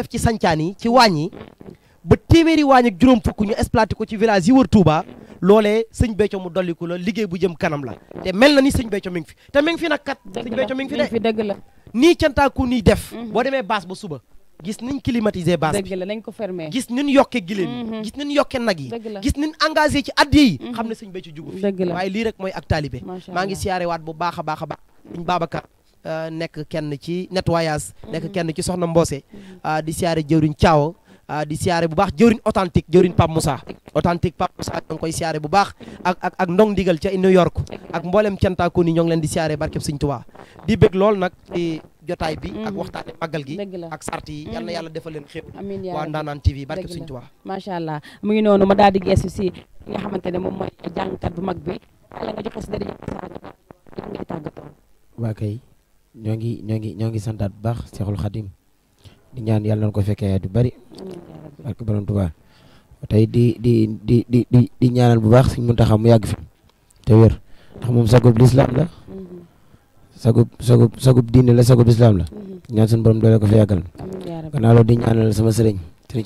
ba téeméeri waañ ak juróom fukk ñu exploité ko ci village yi wër Touba loolee sëñ Béthio mu dolliku la liggéey bu jëm kanam la te mel na ni sëñ Béthio mi ngi fi te mi ngi fi nag kat sëñ Béthio mi ngi fi de dëgg la nii cantaaku nii def mhm. boo demee baas ba suba gis niñ climatisé base bi nañ ko fermé gis niñ yokke giléem yi mhm. gis niñ yokke nag yi gis niñ engagé ci addiya yi mhm. xam ne sëñ Béthio jugu fi waaye lii rek mooy ak taalibe maa ngi siyaare waat bu baax a baax a baax sëñ euh, nekk kenn ci nettoyage nekk kenn ci soxna Mbose euh, di siyaare jëwriñ Thiaw Ah, di siyaare bu baax jëwriñ authentique jëwriñ Pape Moussa authentique Pape Moussa ñoo koy siyaare bu baax ak ak ak ndong ndigal ca New York ak mboolem cantaakoo ni ñoo ngi leen di siyaare barkeb Sëñ Tuubaa di bëgg lool nag ci jotaay bi ak mm. waxtaane màggal gi ak sart yi yal na mm. yàlla defal leen xépp waa Ndanane TV barkeb Sëñ Tuubaa macha allah mu ngi noonu ma daal di geesu si nga xamante ne moom mooy jàngkat bu mag bi waa kay ñoo ngi ñoo ngi ñoo ngi santaat bu baax Seexul Xadim di ñaan yàlla na ko fekkee at yu bari. ak borom Tuubaa tey di di di di di ñaanal bu baax suñ Muntaxa mu yàgg fi te wér ndax moom sagub lislaam la. Mm-hmm. sagub sagub sagub diine la sagub lislaam la. Mm-hmm. ñaan suñu borom doole ko fa yàggal. gannaaw loolu di ñaanal sama sëriñ suñu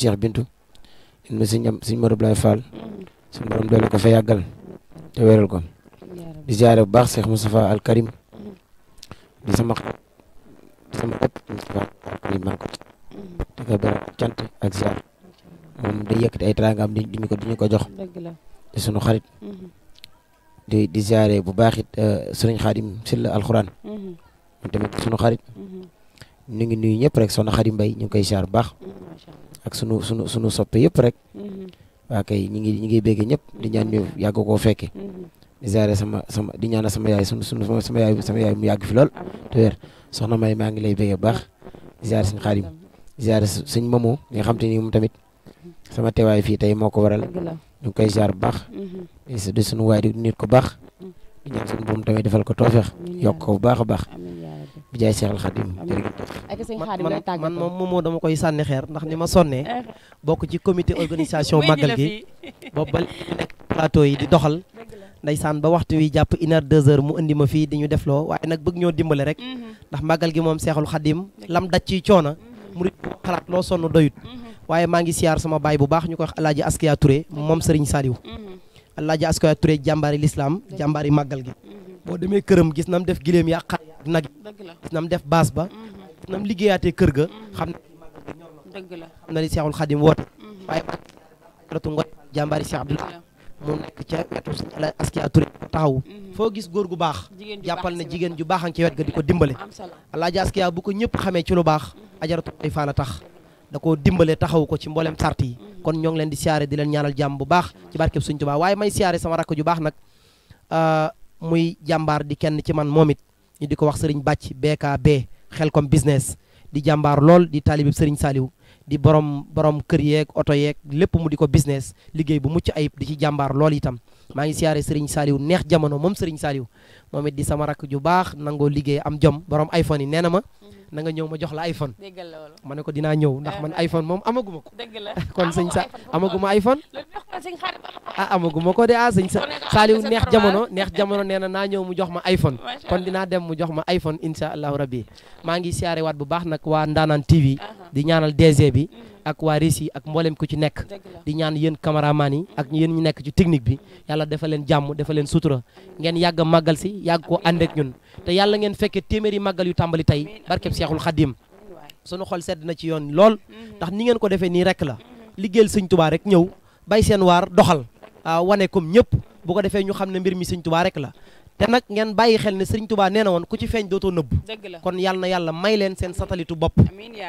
Cheikh suñ am suñ Modou Blay Fall. Mm-hmm. suñu borom doole ko fa yàggal di bu baax Cheikh Moustapha Al Karim. di sama di sama xarit ak beral cant ak ziar moom day yëkkati ay teraangaam di ñu ko di ko jox di sunu xarit mm-hmm. di di ziare bu baax it euh, sëriñ xaadim silla alxuraan mm-hmm. moom tamit sunu xarit mm-hmm. ñu ngi nuyu ñëpp rek soxna xaadim mbay ñu ngi koy ziar bu baax ak sunu sunu sunu soppe yëpp rek waa kay ñi ngi ñi ngi bégg ñëpp di ñaan ñu yàgg koo fekke di ziare sama sama di ñaanal sama yaay sunu sunu sama yaay sama mu yàgg fi lool te wér soxna may maa ngi lay bégg baax di ziare sëriñ xaadim ziare sëñ Momo mi nga xam te ni moom tamit sama teewaay fii tey moo ko waral. ñu ngi koy ziare bu baax. Mhm. di suñu waay di nit ko baax. Mhm. di ñaan suñu boom tamit defal ko toofeex yokk ko bu baax a baax. bi jaay Seexal Xadim jërëjëf man moom Momo dama koy sànni xeer ndax ni ma sonnee ah. bokk ci comité organisation màggal gi boobu ba nekk plateau yi di doxal. ndaysaan ba waxtu wi jàpp une heure deux heures mu indi ma fii di ñu defloo waaye nag bëgg ñoo dimbale rek. Mhm. ndax màggal gi moom Seexul Xadim lam daj ci coona murit boo xalaat loo sonn doyut mm-hmm. waaye maa ngi siyaar sama baay bu baax ñu ko wax alaaji askiya Touré moom sëriñ Saliou mm-hmm. alaaji askiya Touré jàmbaari lislaam jàmbaari màggal gi mm-hmm. boo demee këram gis nam def giléem yaa xar ak nag gis nam def baas ba gis nam liggéeyaatee kër ga xam na màggal gi ñor na xam na li Seexul Xadim woote waaye jàmbaari Seex mu nekk ca wetu sëñ Alain Askia mhm. foo gis góor gu baax jàppal na jigéen ju baax a ci wet ga di ko dimbale alaaji Askia bu ko ñëpp xamee ci lu baax mhm. ajaratu ay a tax da koo dimbale taxaw ko ci mboolem sart yi mhm. kon ñoo ngi leen di siyaare di leen ñaanal jàmm bu baax ci barkeb Sëñ Tuubaa waaye may siyaare sama rakk ju baax nag euh, muy jàmbaar di kenn ci man moom it ñu di ko wax sëriñ bee xel Xelcom business di jàmbaar lool di taalibib sëriñ Saaliw di borom borom kër yeeg oto yeeg lépp mu di ko business liggéey bu mucc ayib di ci jàmbaar lool itam maa ngi siyaare Serigne Saliou neex jamono moom Serigne Saliou moom it di sama rakk ju baax nangoo liggéey am jom borom iPhone yi nee na ma na nga ñëw ma jox la iPhone. dëgg la loolu ma ne ko dinaa ñëw ndax man eh, eh, eh. iPhone moom amaguma ko. la kon sëñ sa amaguma iPhone. ah amaguma ko de ah sëñ sa Saliou neex jamono neex jamono nee na naa ñëw mu jox ma iPhone. kon dinaa dem mu jox ma iPhone incha allahu rabbi maa ngi siyaare waat bu baax nag waa Ndaanaan TV. di ñaanal DG bi. Mm. ak waa rési ak mboolem ku ci nekk di ñaan yéen cameraman yi ak yéen ñu nekk ci technique bi yàlla dafa leen jàmm dafa leen sutura ngeen yàgg màggal si yàgg koo ànd ak ñun te yàlla ngeen fekkee téeméeri màggal yu tàmbali tey barkeb Seexul Xadim sunu xol sedd na ci yoon lool mm-hmm. ndax ni ngeen ko defee nii rek la liggéeyal sëñ tubaa rek ñëw bay seen waar doxal ah, wane comme ñëpp bu ko defee ñu xam ne mbir mi sëñ tubaa rek la te nag ngeen bàyyi xel ne Serigne Touba nee na woon ku ci feeñ dootoo nëbb kon yàlla na yàlla may leen seen satellite bopp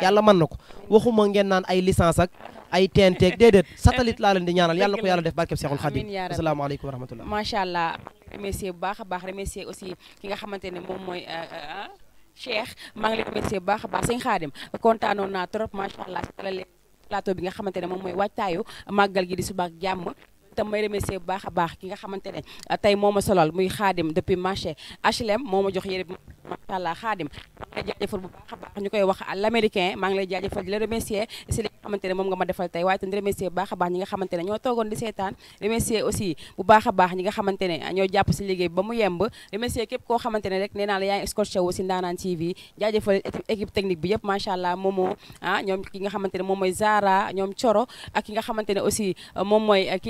yàlla man na ko waxuma ngeen naan ay licence ak ay tenteeg déedéet satellite laa leen di ñaanal yàlla ko yàlla def barkeb Seexul Xadim asalaamaaleykum wa rahmatullah macha allah bu baax a baax remercier aussi ki nga xamante ne moom mooy euh, euh, euh, Cheikh maa ngi remercier bu baax a baax sëñ Xaadim kontaanoon naa trop macha allah si plateau bi nga xamante ne moom mooy waajtaayu màggal gi di subaak jàmm itam may remercier bu baax a baax ki nga xamante ne tey moo ma solal muy xaadim depuis marché HLM moo ma jox yére bi macha allah xaadim lay a baax ñu koy wax à l'américain maa lay jaajëfal di la si li nga xamante moom nga ma defal tey waaye tamit remercier bu a baax ñi nga xamante ñoo toogoon di seetaan remercier aussi bu baax a baax ñi nga xamante moom mooy Zara ñoom Coro ak ki nga xamante aussi euh, moom mooy euh, ki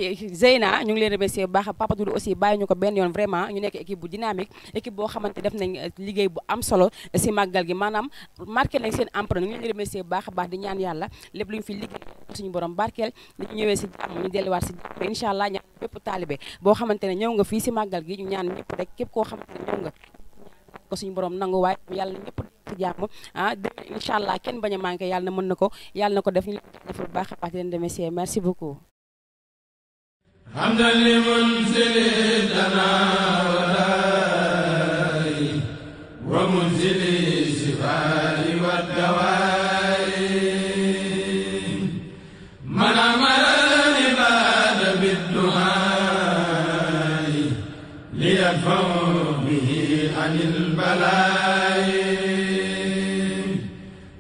ñu ngi leen remercier bu baax a aussi bàyyi ñu ko benn yoon vraiment ñu nekk équipe bu dynamique équipe boo xamante def nañ euh, liggéey liggéey bu am solo si màggal gi maanaam marqué nañ seen empreinte ñu ngi remercier bu baax a baax di ñaan yàlla lépp lu ñu fi liggéey suñu borom barkeel li ñu ñëwee si jàmm ñu delluwaat si jàmm incha allah ñaan bépp taalibe boo xamante ne ñëw nga fii si màggal gi ñu ñaan ñëpp rek képp koo xamante ne ñëw nga ko suñu borom nangu waaye yàlla ñëpp ci jàmm ah incha allah kenn bañ a manqué yàlla na mën na ko yàlla na ko def ñu def bu baax a baax di leen remercier merci beaucoup حمدا لمنزل لنا ولا ومنزل الشفاء والدواء من أمر العباد بالدعاء ليدفعوا به عن البلاء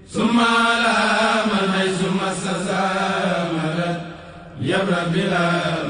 ثم على من حيث مسس مدد يبرأ بلا